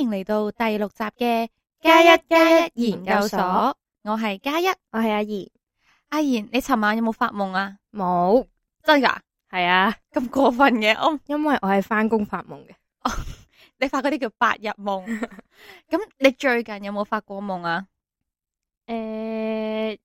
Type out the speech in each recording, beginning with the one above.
歡迎嚟到第六集嘅加一加一妍究所，我係加一，我係阿妍。阿妍，你尋晚有冇發夢啊？冇，真㗎？係啊，咁過分嘅，哦，因為我係翻工發夢嘅。哦，你發嗰啲叫白日夢。咁你最近有冇發過夢啊？誒、呃，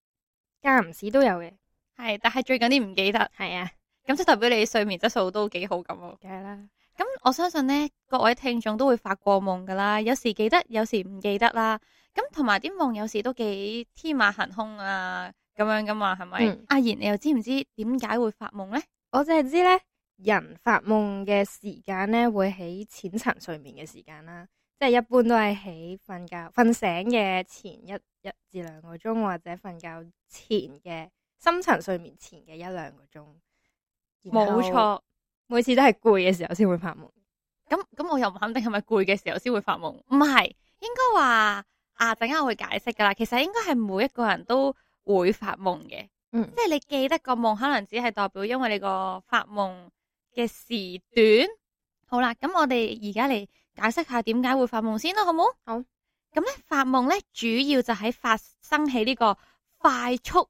間唔時都有嘅，係，但係最近啲唔記得。係啊，咁即代表你睡眠質素都幾好咁哦。梗係啦。咁我相信咧，各位聽眾都會發過夢噶啦，有時記得，有時唔記得啦。咁同埋啲夢有時都幾天馬行空啊，咁樣噶嘛，係咪？阿賢，嗯，你又知唔知點解會發夢呢？我淨係知咧，人發夢嘅時間咧，會喺淺層睡眠嘅時間啦，即係一般都係喺瞓覺瞓醒嘅前一一至兩個鐘，或者瞓覺前嘅深層睡眠前嘅一兩個鐘。冇錯。每次都係攰嘅時候先會發夢，咁咁我又唔肯定係咪攰嘅時候先會發夢。唔係，應該話啊，陣間我會解釋噶啦。其實應該係每一個人都會發夢嘅，嗯，即係你記得個夢，夢可能只係代表因為你個發夢嘅時段。好啦，咁我哋而家嚟解釋下點解會發夢先啦，好唔好？好。咁咧，發夢咧，主要就喺發生喺呢個快速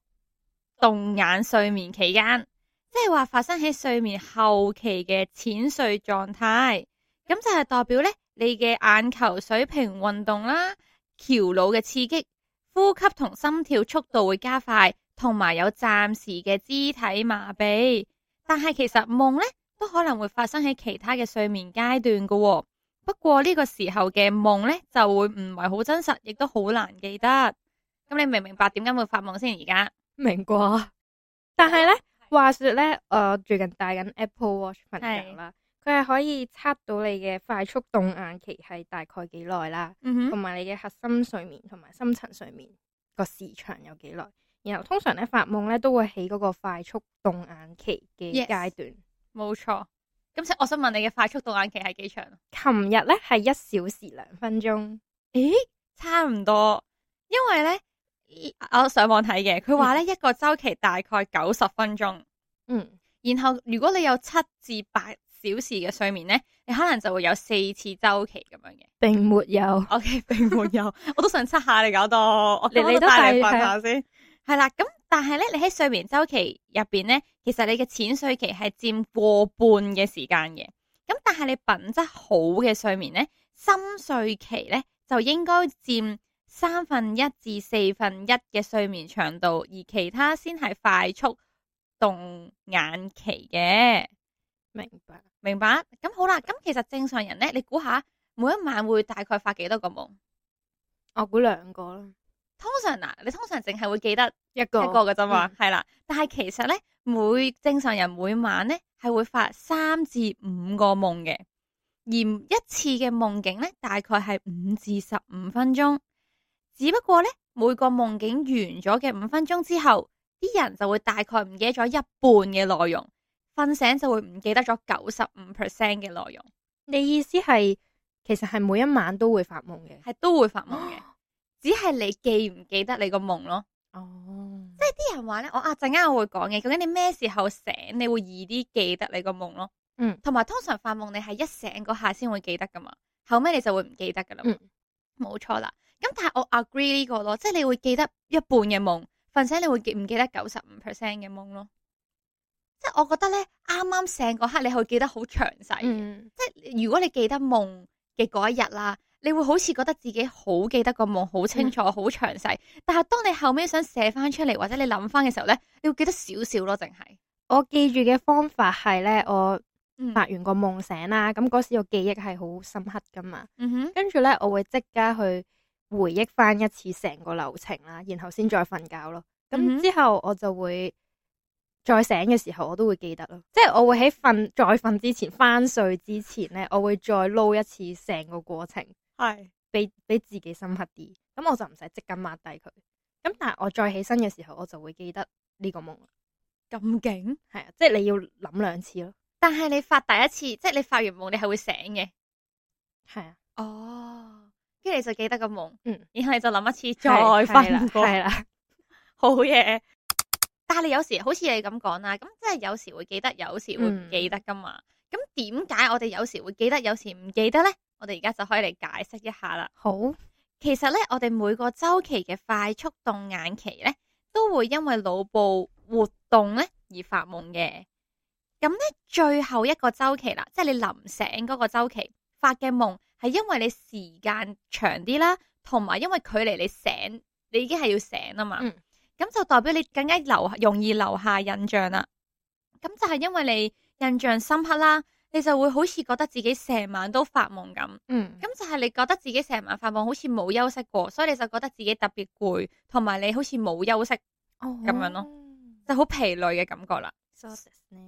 動眼睡眠期間。即係話發生喺睡眠後期嘅淺睡狀態，咁就係代表咧你嘅眼球水平運動啦、橋腦嘅刺激、呼吸同心跳速度會加快，同埋有暫時嘅肢體麻痹。但係其實夢咧都可能會發生喺其他嘅睡眠階段噶喎，不過呢個時候嘅夢咧就會唔係好真實，亦都好難記得。咁你明唔明白點解會發夢先？而家明啩？但係咧。話說咧，我最近戴緊 Apple Watch 瞓覺啦，佢係是可以測到你嘅快速動眼期係大概幾耐啦，同埋、嗯、哼你嘅核心睡眠同埋深層睡眠個時長有幾耐。然後通常咧發夢咧都會喺嗰個快速動眼期嘅階段，冇錯、yes。咁請，我想問你嘅快速動眼期係幾長？琴日咧係一小時兩分鐘，誒，差唔多，因為咧。我上網睇嘅，佢話咧一個周期大概九十分鐘，嗯，然後如果你有七至八小時嘅睡眠咧，你可能就會有四次周期咁樣嘅，並沒有。Okay，並沒有， 我都想測下你搞到，我都你我剛剛都帶嚟瞓下先係是啦。咁但係咧，你喺睡眠周期入邊咧，其實你嘅淺睡期係佔過半嘅時間嘅。咁但係你品質好嘅睡眠咧，深睡期咧就應該佔。三分一至四分一嘅睡眠長度，而其他先係快速動眼期嘅。明白，明白。咁好啦，咁其實正常人咧，你估下每一晚會大概發幾多個夢？我估兩個囉。通常嗱、啊，你通常淨係會記得一個一個噶啫嘛，係啦、嗯。但係其實咧，每正常人每晚咧係會發三至五個夢嘅，而一次嘅夢境咧大概係五至十五分鐘。只不過咧，每個夢境完咗嘅五分鐘之後，啲人就會大概唔記得咗一半嘅內容，瞓醒就會唔記得咗九十五 percent 嘅內容。你意思係，其實係每一晚都會發夢嘅？係都會發夢嘅，哦、只係你記唔記得你個夢咯？哦，即係啲人話咧，我啊陣間我會講嘅，究竟你咩時候醒，你會易啲記得你個夢咯？嗯，同埋通常發夢你係一醒嗰下先會記得噶嘛，後尾你就會唔記得噶、嗯、啦。冇錯啦。咁但係我 agree 呢個咯，即係你會記得一半嘅夢，瞓醒你會記唔記得九十五 percent 嘅夢咯？即係我覺得咧，啱啱醒嗰刻你會記得好詳細，即係如果你記得夢嘅嗰一日啦，你會好似覺得自己好記得個夢，好清楚，好詳細。但係當你後尾想寫翻出嚟，或者你諗翻嘅時候咧，你會記得少少咯，淨係。我記住嘅方法係咧，我發完個夢醒啦，咁嗰、嗯、時個記憶係好深刻噶嘛，嗯、哼跟住咧我會即刻去。回憶翻一次成個流程啦，然後先再瞓覺咯。嗯哼。咁之後我就會再醒嘅時候，我都會記得咯。即係我會喺瞓再瞓之前翻睡之前咧，我會再撈一次成個過程，係俾俾自己深刻啲。咁我就唔使即刻抹低佢。咁但係我再起身嘅時候，我就會記得呢個夢。咁勁？係啊！即係你要諗兩次咯。但係你發第一次，即係你發完夢，你係會醒嘅。係啊。哦。Oh. 跟住你就記得個夢，嗯、然後你就諗一次再瞓啦，係啦， 好嘢棒。但係你有時好似你咁講啦，咁即係有時會記得，有時會唔記得噶嘛？咁點解我哋有時會記得，有時唔記得咧？我哋而家就可以嚟解釋一下啦。好，其實咧，我哋每個周期嘅快速動眼期咧，都會因為腦部活動咧而發夢嘅。咁咧，最後一個周期啦，即係你臨醒嗰個周期。發嘅夢係因為你時間長啲啦，同埋因為距離你醒，你已經係要醒啊嘛。咁、嗯、就代表你更加留，容易留下印象啦。咁就係因為你印象深刻啦，你就會好似覺得自己成晚都發夢咁。嗯，咁就係你覺得自己成晚發夢，好似冇休息過，所以你就覺得自己特別攰，同埋你好似冇休息哦咁樣咯，就好疲累嘅感覺啦。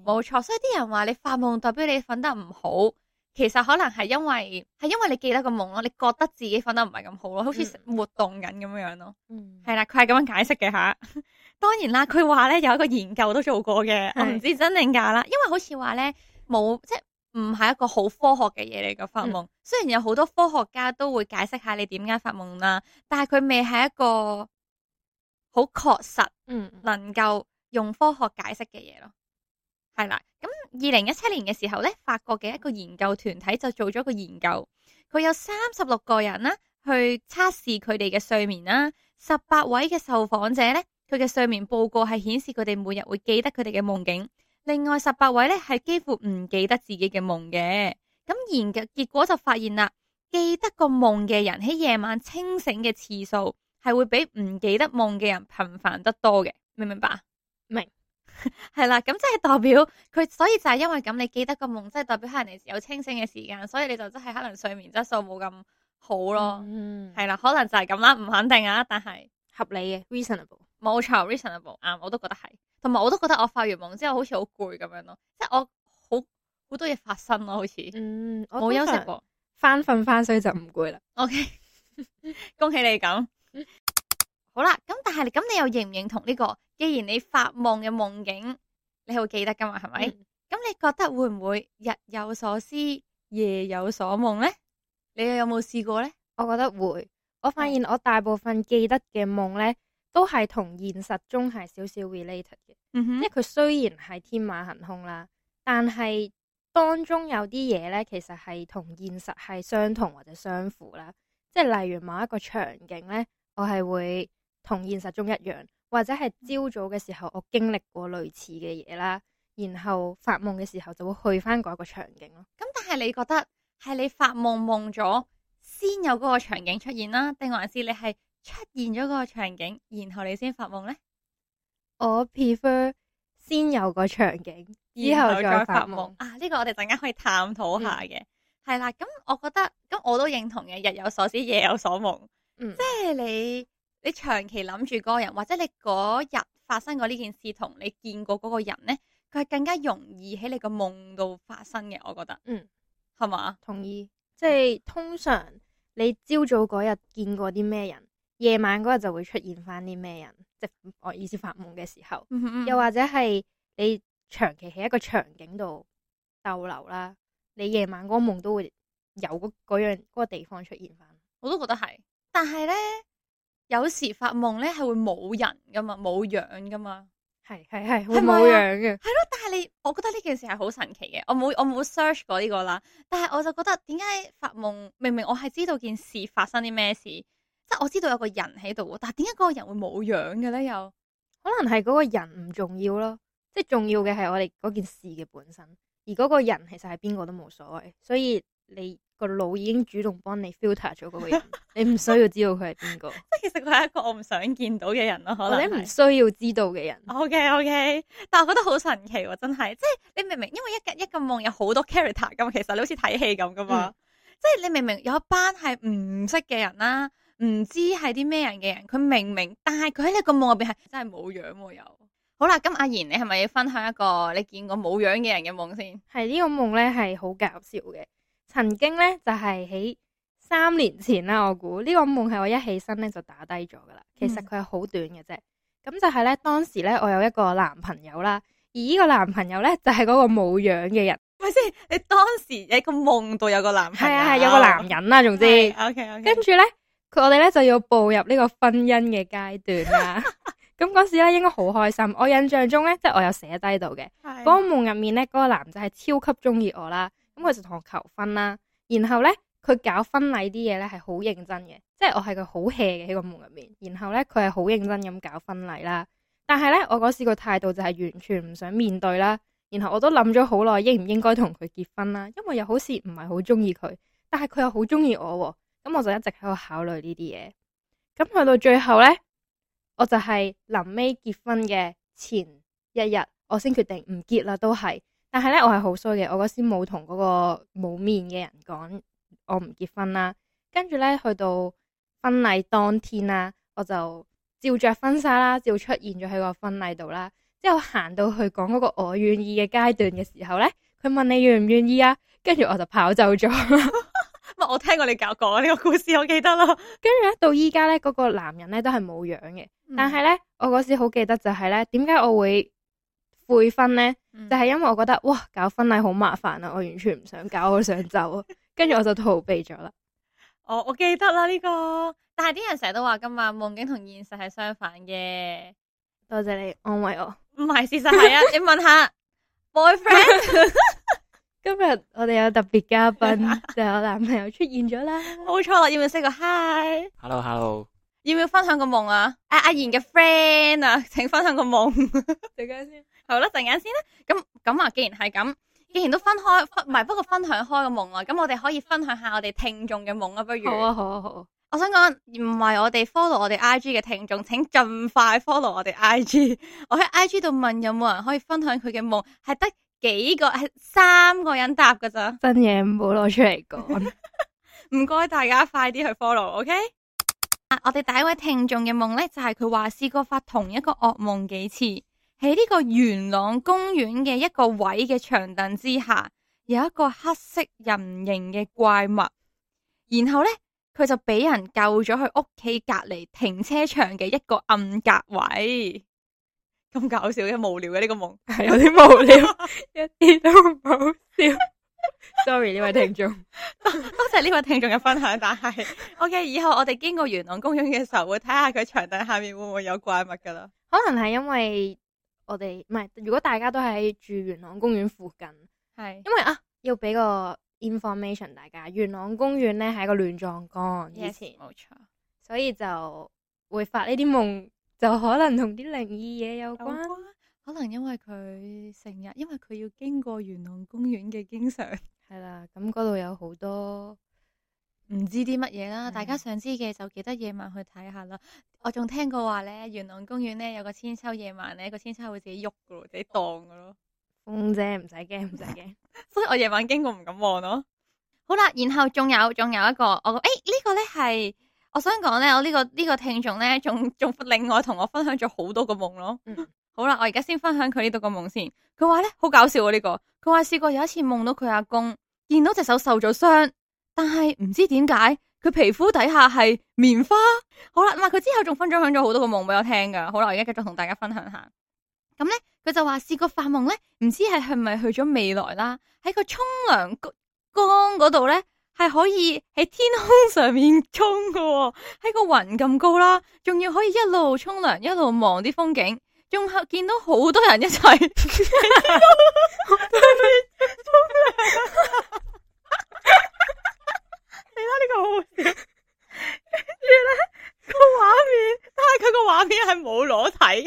冇錯、嗯，所以啲人話你發夢代表你瞓得唔好。其實可能係因為係因為你記得個夢咯，你覺得自己瞓得唔係咁好咯，好似活動緊咁樣樣咯。嗯、係啦，佢係咁樣解釋嘅吓。當然啦，佢話咧有一個研究都做過嘅，是我唔知真定假啦。因為好似話咧冇即係唔係一個好科學嘅嘢，嚟嘅發夢。嗯、雖然有好多科學家都會解釋下你點解發夢啦，但係佢未係一個好確實，嗯，能夠用科學解釋嘅嘢咯。嗯、係啦。咁二零一七年嘅時候呢，法國嘅一個研究團體就做咗個研究，佢有三十六個人啦，去測試佢哋嘅睡眠啦，啊。十八位嘅受訪者呢，佢嘅睡眠報告係顯示佢哋每日會記得佢哋嘅夢境。另外十八位呢係幾乎唔記得自己嘅夢嘅。咁研究結果就發現啦，記得個夢嘅人喺夜晚清醒嘅次數係會比唔記得夢嘅人頻繁得多嘅，明唔明白？明。係啦，咁即係代表佢，所以就係因為咁，你記得個夢，即係代表可能你有清醒嘅時間，所以你就真係可能睡眠質素冇咁好咯。嗯，係啦，可能就係咁啦，唔肯定啊，但係合理嘅，reasonable，冇錯，reasonable，yeah, 我都覺得係，同埋我都覺得我發完夢之後好似好攰咁樣咯，即係我好好多嘢發生咯，好似，嗯，冇休息平想過，翻瞓翻所以就唔攰啦。OK， 恭喜你咁。 好啦，咁但係咁你又認唔認同呢個？既然你發夢嘅夢境，你會記得噶嘛？係咪？咁、嗯、你覺得會唔會日有所思，夜有所夢呢？你又有冇試過呢？我覺得會，我發現我大部分記得嘅夢呢，都係同現實中係少少 related 嘅。嗯哼，即係佢雖然係天馬行空啦，但係當中有啲嘢呢，其實係同現實係相同或者相符啦。即係例如某一個場景呢，我係會。同現實中一樣，或者係朝早嘅時候，我經歷過類似嘅嘢啦，然後發夢嘅時候就會去返嗰一個場景咯。咁但係你覺得係你發夢夢咗先有嗰個場景出現啦，定還是你係出現咗嗰個場景，然後你先發夢呢？我 prefer 先有個場景，然後再發夢。發夢啊，呢、這個我哋陣間可以探討下嘅。係、嗯、啦，咁我覺得咁我都認同嘅，日有所思，夜有所夢。即係、嗯、你。你長期諗住嗰個人，或者你嗰日發生過呢件事，同你見過嗰個人呢，佢係更加容易喺你個夢度發生嘅。我覺得，嗯，係嘛？吧，同意。即係通常你朝早嗰日見過啲咩人，夜晚嗰日就會出現翻啲咩人，即係我意思，發夢嘅時候。嗯嗯，又或者係你長期喺一個場景度逗留啦，你夜晚嗰個夢都會有嗰嗰樣嗰個地方出現翻。我都覺得係，但係呢。有時發夢咧係會冇人噶嘛，冇樣噶嘛，係係係會冇樣嘅，係咯。但係你，我覺得呢件事係好神奇嘅。我冇我冇 search 過呢個啦，但係我就覺得點解發夢明明我係知道件事發生啲咩事，即係我知道有個人喺度，但係點解嗰個人會冇樣嘅咧？又可能係嗰個人唔重要咯，即係重要嘅係我哋嗰件事嘅本身，而嗰個人其實係邊個都冇所謂。所以你。個腦已經主動幫你 filter 咗嗰個人，你唔需要知道佢係邊個。即係 其實佢係一個我唔想見到嘅人咯，可能你唔需要知道嘅人。OK，OK，但係我覺得好神奇喎、哦，真係，即係你明明因為一個一個夢有好多 character 噶嘛，其實你好似睇戲咁噶嘛，嗯、即係你明明有一班係唔識嘅人啦、啊，唔知係啲咩人嘅人，佢明明，但係佢喺呢個夢入邊係真係冇樣、啊、有。好啦，咁阿妍，你係咪要分享一個你見過冇樣嘅人嘅夢先？係呢個夢咧，係好搞笑嘅。曾經咧就係、是、喺三年前啦，我估呢、這個夢係我一起身咧就打低咗噶啦。其實佢係好短嘅啫。咁就係咧，當時咧我有一個男朋友啦，而呢個男朋友咧就係、是、嗰個冇樣嘅人。咪先，你當時喺個夢度有個男係啊係有個男人啦、啊，總之。O K O K。Okay, okay. 跟住咧，佢我哋咧就要步入呢個婚姻嘅階段啦。咁嗰 時咧應該好開心。我印象中咧，即、就、係、是、我有寫低度嘅。嗰的個夢入面咧，嗰、那個男仔係超級中意我啦。咁佢就同我求婚啦，然後呢，佢搞婚禮啲嘢呢係好認真嘅，即係我係佢好 hea 嘅喺個夢入面，然後呢，佢係好認真咁搞婚禮啦，但係呢，我嗰時個態度就係完全唔想面對啦，然後我都諗咗好耐應唔應該同佢結婚啦，因為又好似唔係好中意佢，但係佢又好中意我，啊，咁我就一直喺度考慮呢啲嘢，咁去到最後呢，我就係臨尾結婚嘅前一日，我先決定唔結啦，都係。但係咧，我係好衰嘅，我嗰時冇同嗰個冇面嘅人講我唔結婚啦。跟住咧，去到婚禮當天啊，我就照着婚紗啦，照出現咗喺個婚禮度啦。之後行到去講嗰個我願意嘅階段嘅時候咧，佢問你願唔願意啊？跟住我就跑走咗。唔係我聽過你講講呢個故事，我記得咯。跟住 到依家咧，嗰、嗰個男人咧都係冇樣嘅。但係咧，我嗰時好記得就係咧，點解我會？悔婚咧，就係、嗯、因為我覺得哇，搞婚禮好麻煩啊，我完全唔想搞，我想走，啊。跟住我就逃避咗啦。我、哦、我記得啦呢、這個，但係啲人成日都話今晚夢境同現實係相反嘅。多謝你安慰我。唔係事實係啊， 你問下 boyfriend。今日我哋有特別嘉賓， 就有男朋友出現咗啦。冇錯啦，要唔 Hello, hello. 要 say 個 hi？Hello，hello。要唔要分享個夢啊？阿阿、啊啊、妍嘅 friend 啊，請分享個夢。陣間先。好啦，陣間先啦。咁咁啊，既然係咁，既然都分開，唔係不過分享開個夢啦。咁我哋可以分享下我哋聽眾嘅夢啊，不如？好啊，好啊，好啊！我想講，唔係我哋 follow 我哋 IG 嘅聽眾，請盡快 follow 我哋 IG。 我喺 IG 度問有冇人可以分享佢嘅夢，係得幾個係三個人答噶咋？真嘢唔好攞出嚟講。唔該，大家快啲去 follow，OK？Okay？啊，我哋第一位聽眾嘅夢咧，就係、是、佢話試過發同一個惡夢幾次。喺呢個元朗公園嘅一個位嘅長凳之下，有一個黑色人形嘅怪物。然後咧，佢就俾人救咗去屋企隔籬停車場嘅一個暗格位。咁搞笑嘅，無聊嘅、啊、呢、呢個夢係 有啲無聊， 一啲都唔好笑。Sorry 呢位聽眾，多謝呢位聽眾嘅分享。但係，OK，以後我哋經過元朗公園嘅時候，會睇下佢長凳下面會唔會有怪物噶啦。可能係因為。我哋唔係，如果大家都喺住元朗公園附近，係是，因為啊，要俾個 information 大家，元朗公園咧係一個亂葬崗，以前，冇錯、yes，所以就會發呢啲夢，就可能同啲靈異嘢有關，可能因為佢成日，因為佢要經過元朗公園嘅經常，係 啦，咁嗰度有好多。唔知啲乜嘢啦，嗯、大家想知嘅就記得夜晚去睇下啦。我仲聽過話咧，元朗公園咧有個千秋夜晚咧，個千秋會自己喐噶，自己蕩噶咯。風啫唔使驚，唔使驚， 所以我夜晚經過唔敢望咯、啊。好啦，然後仲有仲有一個，我誒、欸這個、呢個咧係，我想講咧，我呢、這個呢、這個聽眾咧，仲仲另外同我分享咗好多個夢咯。嗯、好啦，我而家先分享佢呢度個夢先。佢話咧好搞笑啊呢、這個，佢話試過有一次夢到佢阿公，見到隻手受咗傷。但係唔知點解佢皮膚底下係棉花。好啦，咁啊佢之後仲分咗享咗好多個夢俾我聽噶，好啦，而家繼續同大家分享下。咁咧佢就話試過發夢咧，唔知係係咪去咗未來啦？喺個沖涼缸嗰度咧，係可以喺天空上面沖噶，喔，喺個雲咁高啦，仲要可以一路沖涼一路望啲風景，仲吓見到好多人一齊。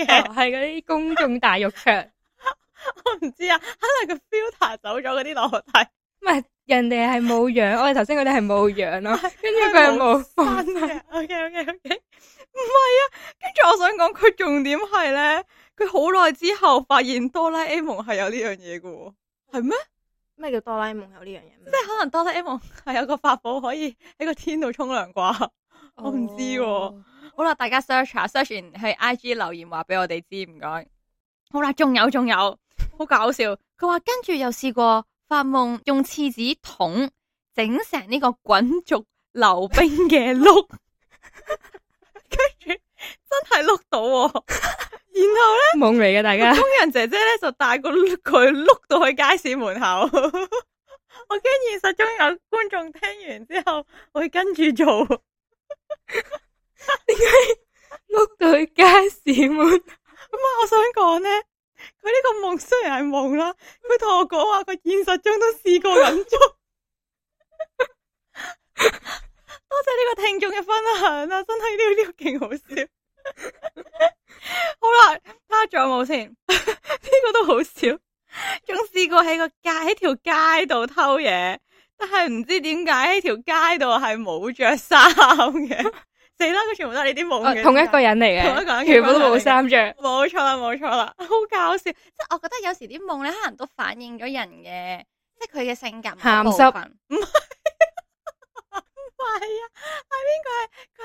係嗰啲公眾大浴場， 我唔知啊，可能個 filter 走咗嗰啲落去睇。唔 係，人哋係冇樣，我哋頭先嗰啲係冇樣咯。跟住佢係冇。O K O K O K，唔係啊。跟住我想講，佢重點係咧，佢好耐之後發現哆啦 A 夢係有呢樣嘢嘅，係咩？咩叫哆啦 A 夢有呢樣嘢？即係可能哆啦 A 夢係有個法寶可以喺個天度沖涼啩？我唔知啊。Oh. 好啦，大家 search 下 search 完去 I G 留言話俾我哋知，唔該。好啦，仲有仲有，好搞笑。佢話跟住又試過發夢用廁紙筒整成呢個滾軸溜冰嘅碌，跟住 真係碌到，喔。 然後咧夢嚟嘅，大家工人姐姐咧就帶個佢碌到去街市門口。 我驚現實中有觀眾聽完之後會跟住做。 點解碌到街市門？咁啊，我想講咧，佢呢個夢雖然係夢啦，佢同我講話佢現實中都試過諗捉。 多謝呢個聽眾嘅分享啊，真係呢呢個勁好笑。 好啦，啦，仲有冇先？呢個都好笑，仲試過喺個街喺條街度偷嘢，但係唔知點解喺條街度係冇着衫嘅。 死啦！佢全部都係你啲夢嘅，同一個人嚟嘅，同一個人，全部都冇衫着，冇錯啦，冇錯啦，好搞笑！即係我覺得有時啲夢咧，可能都反映咗人嘅，即係佢嘅性格唔同部分。鹹濕？唔係，唔係啊，係邊個？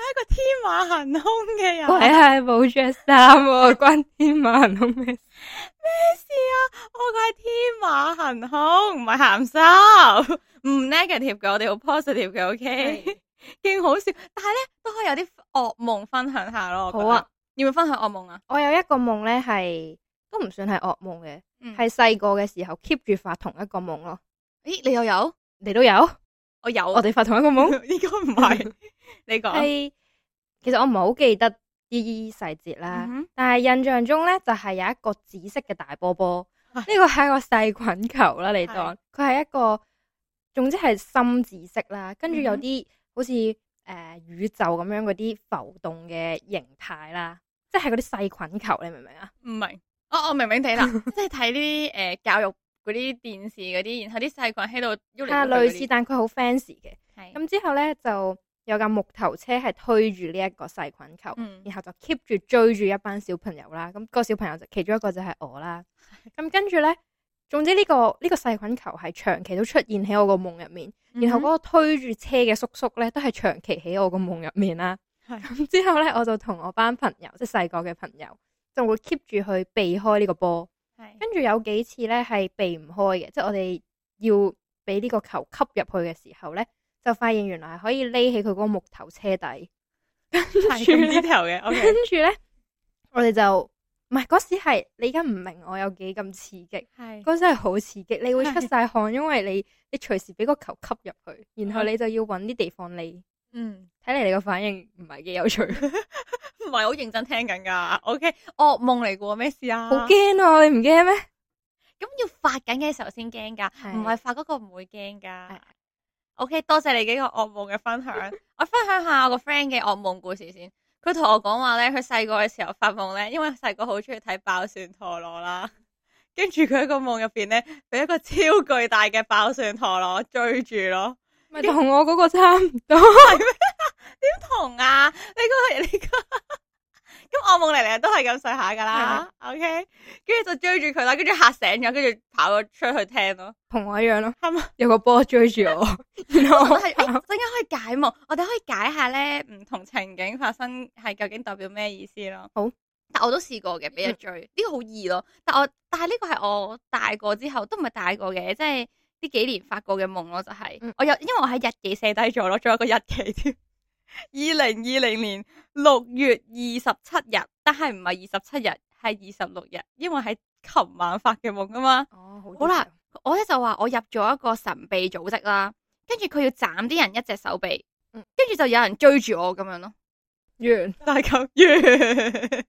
係佢係一個天馬行空嘅人。鬼係冇着衫，關天馬行空咩事？咩事啊？我個係天馬行空，唔係鹹濕。唔 negative 嘅，我哋好 positive 嘅，OK。勁好笑，但係咧都可以有啲噩夢分享下咯。好啊，你要唔要分享噩夢啊？我有一個夢咧，係都唔算係噩夢嘅，係細個嘅時候 keep 住發同一個夢咯。咦，你又有，你都有，我有，我哋發同一個夢，應該唔係你講。係，其實我唔係好記得啲細節啦，但係印象中咧就係有一個紫色嘅大波波，呢個係一個細菌球啦，你當佢係一個，總之係深紫色啦，跟住有啲。好似誒宇宙咁樣嗰啲浮動嘅形態啦，即係嗰啲細菌球，你明唔明啊？唔明，哦哦，我明明睇啦， 即係睇啲誒教育嗰啲電視嗰啲，然後啲細菌喺度。啊，類似，但佢好 fancy 嘅。係咁的、嗯嗯、之後咧，就有架木頭車係推住呢一個細菌球，然後就 keep 住追住一班小朋友啦。咁、嗰個小朋友就其中一個就係我啦。咁、 嗯、跟住咧。總之呢、呢個呢、呢個細菌球係長期都出現喺我個夢入面，嗯、哼然後嗰個推住車嘅叔叔咧都係長期喺我個夢入面啦、啊。咁是之後咧，我就同我班朋友，即係細個嘅朋友，就會 keep 住去避開呢個波。係，跟住有幾次咧係避唔開嘅，即係我哋要俾呢個球吸入去嘅時候咧，就發現原來係可以匿起佢嗰個木頭車底，係咁呢條嘅。Okay. 跟住咧，我哋就。唔係，嗰時係你而家唔明我有幾咁刺激，嗰陣真係好刺激，你會出晒汗，是因為你你隨時俾個球吸入去，然後你就要揾啲地方匿。嗯是，睇嚟你個反應唔係幾有趣，唔係好認真聽緊噶。O K，噩夢嚟嘅喎，咩事啊？好驚啊！你唔驚咩？咁要發緊嘅時候先驚噶，唔係是發嗰個唔會驚噶。是 o、okay, K，多謝你幾個噩夢嘅分享， 我分享下我個 friend 嘅噩夢故事先。佢同我講話咧，佢細個嘅時候發夢咧，因為細個好中意睇爆旋陀螺啦，跟住佢喺個夢入邊咧，俾一個超巨大嘅爆旋陀螺追住咯，咪同是接我個差唔多係 咩是嗎？點 同啊？呢個係呢個。夢嚟嚟都係咁上下噶啦，OK，跟住就追住佢啦，跟住吓醒咗，跟住跑咗出去廳咯，同我一樣咯、啊，嗎有個波追住我，然後 No, 我係，我、欸、而 可以解夢，我哋可以解下咧，唔同情景發生係究竟代表咩意思咯。好，但我都試過嘅，俾人追呢、嗯、個好易咯。但係我但係呢個係我大個之後都唔係大個嘅，即係呢幾年發過嘅夢咯、就是，就係、嗯、我有因為我喺日記寫低咗咯，仲有一個日期添。二零二零年六月二十七日，但係唔係二十七日，係二十六日，因為係琴晚發嘅夢吖嘛。哦，好啦，我咧就話我入咗一個神秘組織啦，跟住佢要斬啲人一隻手臂，跟住、嗯、就有人追住我咁樣咯完。完大球完，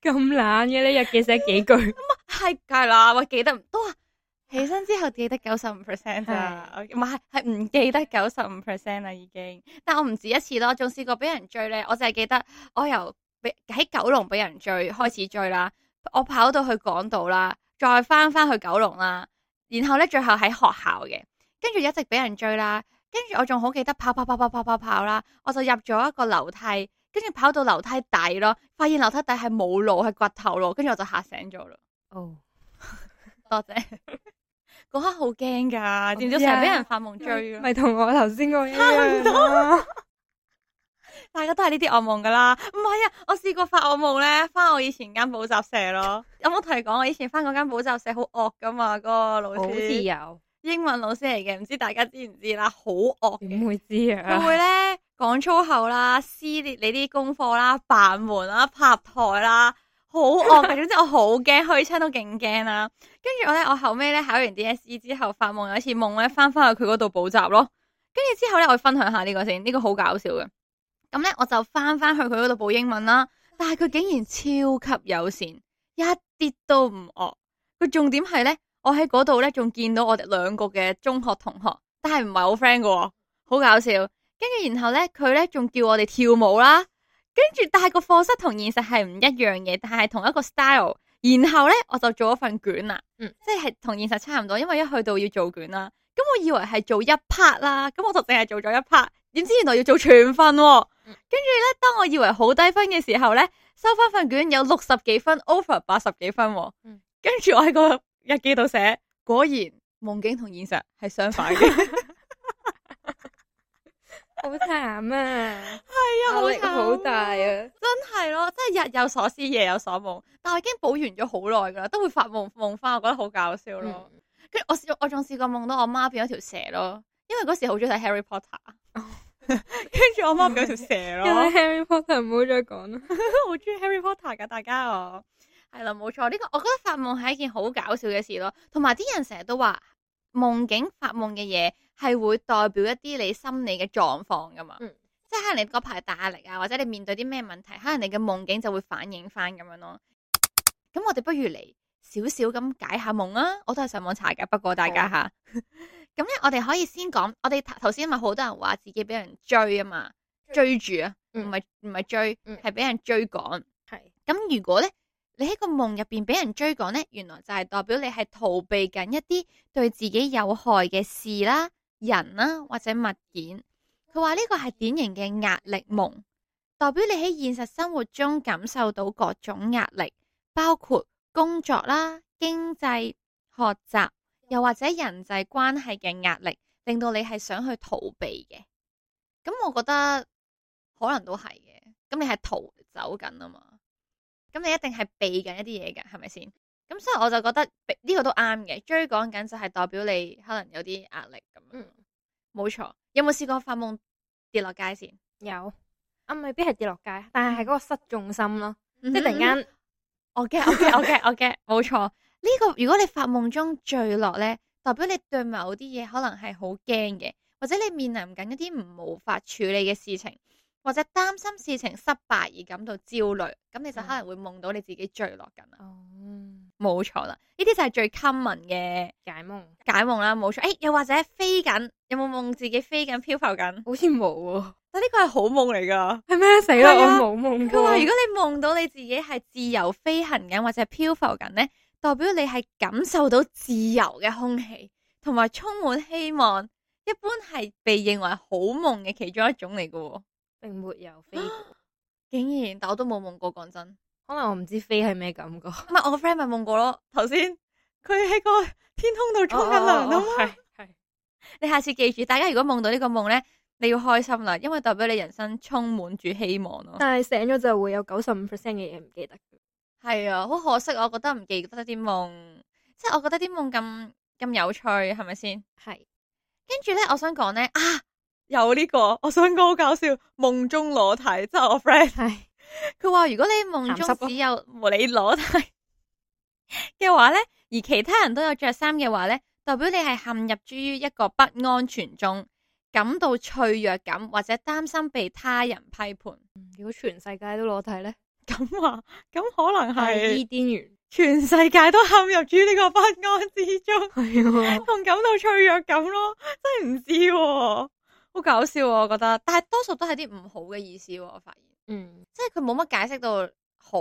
咁懶嘅呢日記寫幾句？唔係係梗啦，我記得唔多啊。起身之後記得九十五 percent 咋，唔係係唔記得九十五 percent 啦，已經。但我唔止一次咯，仲試過俾人追咧。我就係記得我由喺九龍俾人追開始追啦，我跑到去港島啦，再翻翻去九龍啦，然後咧最後喺學校嘅，跟住一直俾人追啦，跟住我仲好記得跑跑跑跑跑跑跑啦，我就入咗一個樓梯，跟住跑到樓梯底咯，發現樓梯底係冇路，係掘頭路，跟住我就嚇醒咗啦。哦，多謝。嗰刻好驚噶，連到成日俾人發夢追，咪同、嗯、我頭先嗰樣差唔多。 吧 大家都係呢啲惡夢噶啦，唔係啊！我試過發惡夢咧，翻我以前間補習社咯。 有冇同你講？我以前翻嗰間補習社好惡噶嘛？個老師好自由英文老師嚟嘅，唔知大家知唔知啦？好惡嘅，點會知啊！ 佢會咧講粗口啦，撕裂你啲功課啦，扮門啦，拍台啦。 好惡，總之我好驚，去親都勁驚啦。跟住我咧，我後尾咧考完 DSE 之後，發夢有一次夢咧，翻翻去佢嗰度補習咯。跟住之後咧，我分享下呢個先，呢、呢個好搞笑嘅。咁、嗯、咧，我就翻翻去佢嗰度補英文啦。但係佢竟然超級友善，一啲都唔惡。佢重點係咧，我喺嗰度咧仲見到我哋兩個嘅中學同學，但係唔係好 friend 嘅，好搞笑。跟住然後咧，佢咧仲叫我哋跳舞啦。跟住，但係個課室同現實係唔一樣嘅，但係同一個 style。然後呢，我就做咗份卷啦，嗯，即係同現實差唔多，因為一去到要做卷啦。咁我以為係做一 part 啦，咁我就淨係做咗一 part，點知原來要做全份，哦。嗯、跟住呢，當我以為好低分嘅時候呢，收翻份卷有六十幾分，over 八十幾分。分哦，嗯，跟住我喺個日記度寫，果然夢境同現實係相反嘅。 好慘啊！係啊、哎呀，壓力好大啊！真係咯，真係日有所思，夜有所夢。但係我已經補完咗好耐噶啦，都會發夢夢翻，我覺得好搞笑咯。跟住、嗯、我試，我仲試過夢到我媽變咗條蛇咯。因為嗰時好中意睇《Harry Potter》，跟住我媽變咗條蛇咯。Harry Potter 唔好再講啦，好中意 Harry Potter 噶，大家哦。係 啦，冇錯，呢、這個我覺得發夢係一件好搞笑嘅事咯。同埋啲人成日都話夢境發夢嘅嘢。係會代表一啲你心理嘅狀況噶嘛？嗯，即係可能你嗰排大壓力啊，或者你面對啲咩問題，可能你嘅夢境就會反映翻咁樣咯。咁我哋不如嚟少少咁解下夢啊！我都係上網查噶，不過大家吓。咁咧的， 我哋可以先講，我哋頭頭先咪好多人話自己俾人追啊嘛，追住啊，唔係唔係追，係俾、嗯、人追趕。係的。咁如果咧，你喺個夢入邊俾人追趕咧，原來就係代表你係逃避緊一啲對自己有害嘅事啦。人啦、啊、或者物件，佢話呢個係典型嘅壓力夢，代表你喺現實生活中感受到各種壓力，包括工作啦、啊、經濟、學習，又或者人際關係嘅壓力，令到你係想去逃避嘅。咁我覺得可能都係嘅。咁你係逃走緊啊嘛？咁你一定係避緊一啲嘢㗎，係咪先？咁所以我就覺得呢個都啱嘅，追趕緊就係代表你可能有啲壓力咁。冇錯、嗯，有冇試過發夢跌落街先？有啊、嗯，未必係跌落街，但係係嗰個失重心咯，即係、嗯嗯嗯、突然間，我驚，我、這、嘅、個，我驚，我驚，冇錯。呢個如果你發夢中墜落咧，代表你對某啲嘢可能係好驚嘅，或者你面臨緊一啲無法處理嘅事情，或者擔心事情失敗而感到焦慮，咁你就可能會夢到你自己墜落緊啦。嗯嗯。冇錯啦，呢啲就係最 common 嘅解夢解夢夢啦，冇錯。誒、欸，又或者飛緊，有冇夢自己飛緊、漂浮緊？啊，這個，好似冇喎，但呢個係好夢嚟噶，係咩死啦？啊、我冇夢過。佢話，如果你夢到你自己係自由飛行緊，或者係漂浮緊咧，代表你係感受到自由嘅空氣，同埋充滿希望，一般係被認為好夢嘅其中一種嚟㗎。並沒有飛、啊，竟然，但我都冇夢過，講真。可能我唔知飛係咩感覺，咁啊我個 friend 咪夢過咯，頭先佢喺個天空度沖緊涼啊，係係，你下次記住，大家如果夢到呢個夢咧，你要開心啦，因為代表你人生充滿住希望咯。但係醒咗就會有九十五 percent 嘅嘢唔記得，係啊，好可惜，我覺得唔記得得啲夢，即係我覺得啲夢咁咁有趣，係咪先？係，跟住咧，我想講咧，啊，有呢個，我想講好搞笑，夢中裸體，即係我 friend。佢話如果你夢中只有你裸體嘅話咧，而其他人都有着衫嘅話咧，代表你係陷入於一個不安全中，感到脆弱感或者擔心被他人批判。如果全世界都裸體咧，咁話咁可能係伊甸園，全世界都陷入於呢個不安之中，同、 啊、感到脆弱感咯，真係唔知、啊。好搞笑喎、啊，我覺得，但係多數都係啲唔好嘅意思、啊，我發現，嗯，即係佢冇乜解釋到好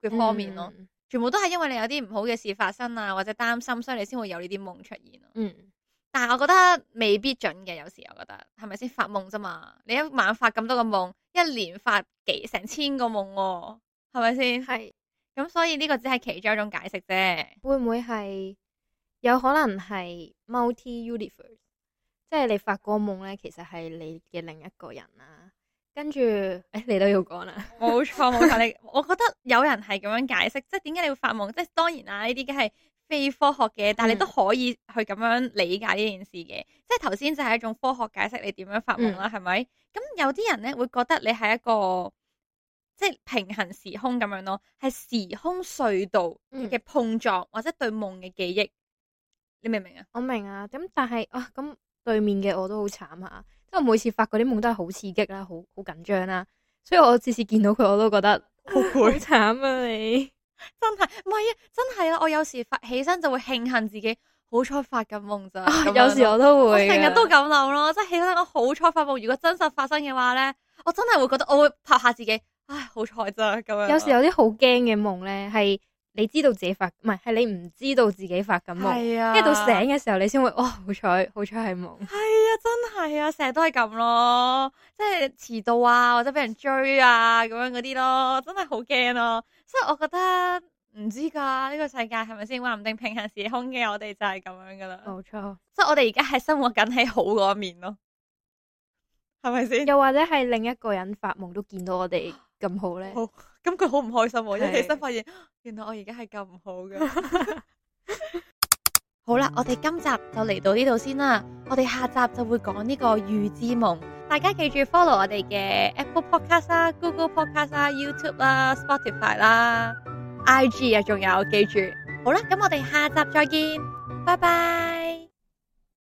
嘅方面咯、啊，嗯、全部都係因為你有啲唔好嘅事發生啊，或者擔心，所以你先會有呢啲夢出現、啊、嗯，但係我覺得未必準嘅，有時我覺得係咪先發夢啫嘛，你一晚發咁多個夢，一連發幾成千個夢、啊，係咪先？係是，咁所以呢個只係其中一種解釋啫，會唔會係有可能係 multi universe？即係你發過夢咧，其實係你嘅另一個人啦。跟住，誒、哎，你都要講啦。冇錯，冇錯。你，我覺得有人係咁樣解釋，即係點解你會發夢？即係當然啦，呢啲梗係非科學嘅，但係你都可以去咁樣理解呢件事嘅。嗯、即係頭先就係一種科學解釋，你點樣發夢啦？係咪、嗯？咁有啲人咧會覺得你係一個即係平行時空咁樣咯，係時空隧道嘅碰撞、嗯、或者對夢嘅記憶。你明唔明啊？我明啊。咁但係啊，咁、啊。啊啊啊啊啊對面嘅我都好慘吓，即係我每次發嗰啲夢都係好刺激啦，好好緊張啦，所以我次次見到佢我都覺得好慘啊！你真係唔係啊，真係啊！我有時發起身就會慶幸自己好彩發緊夢咋。啊、樣有時我都會成日都咁諗咯，即係起身我好彩發夢，如果真實發生嘅話咧，我真係會覺得我會拍下自己，唉，好彩咋咁樣。有時有啲好驚嘅夢咧係。你知道自己發唔係，係你唔知道自己發緊夢，啊、因為到醒嘅時候你先會，哦，好彩，好彩係夢。係啊，真係啊，成日都係咁咯，即係遲到啊，或者俾人追啊，咁樣嗰啲咯，真係好驚咯、啊。所以我覺得唔知噶呢、這個世界係咪先，話唔定平行時空嘅我哋就係咁樣噶啦。冇錯，即係我哋而家係生活緊喺好嗰面咯，係咪先？又或者係另一個人發夢都見到我哋咁好咧？好咁佢好唔開心，一起身發現，原來我而家係咁唔好嘅。好啦，我哋今集就嚟到呢度先啦，我哋下集就會講呢個預知夢。大家記住 follow 我哋嘅 Apple Podcast 啦、Google Podcast 啦、YouTube 啦、Spotify 啦、IG 啊，仲有記住。好啦，咁我哋下集再見，拜拜。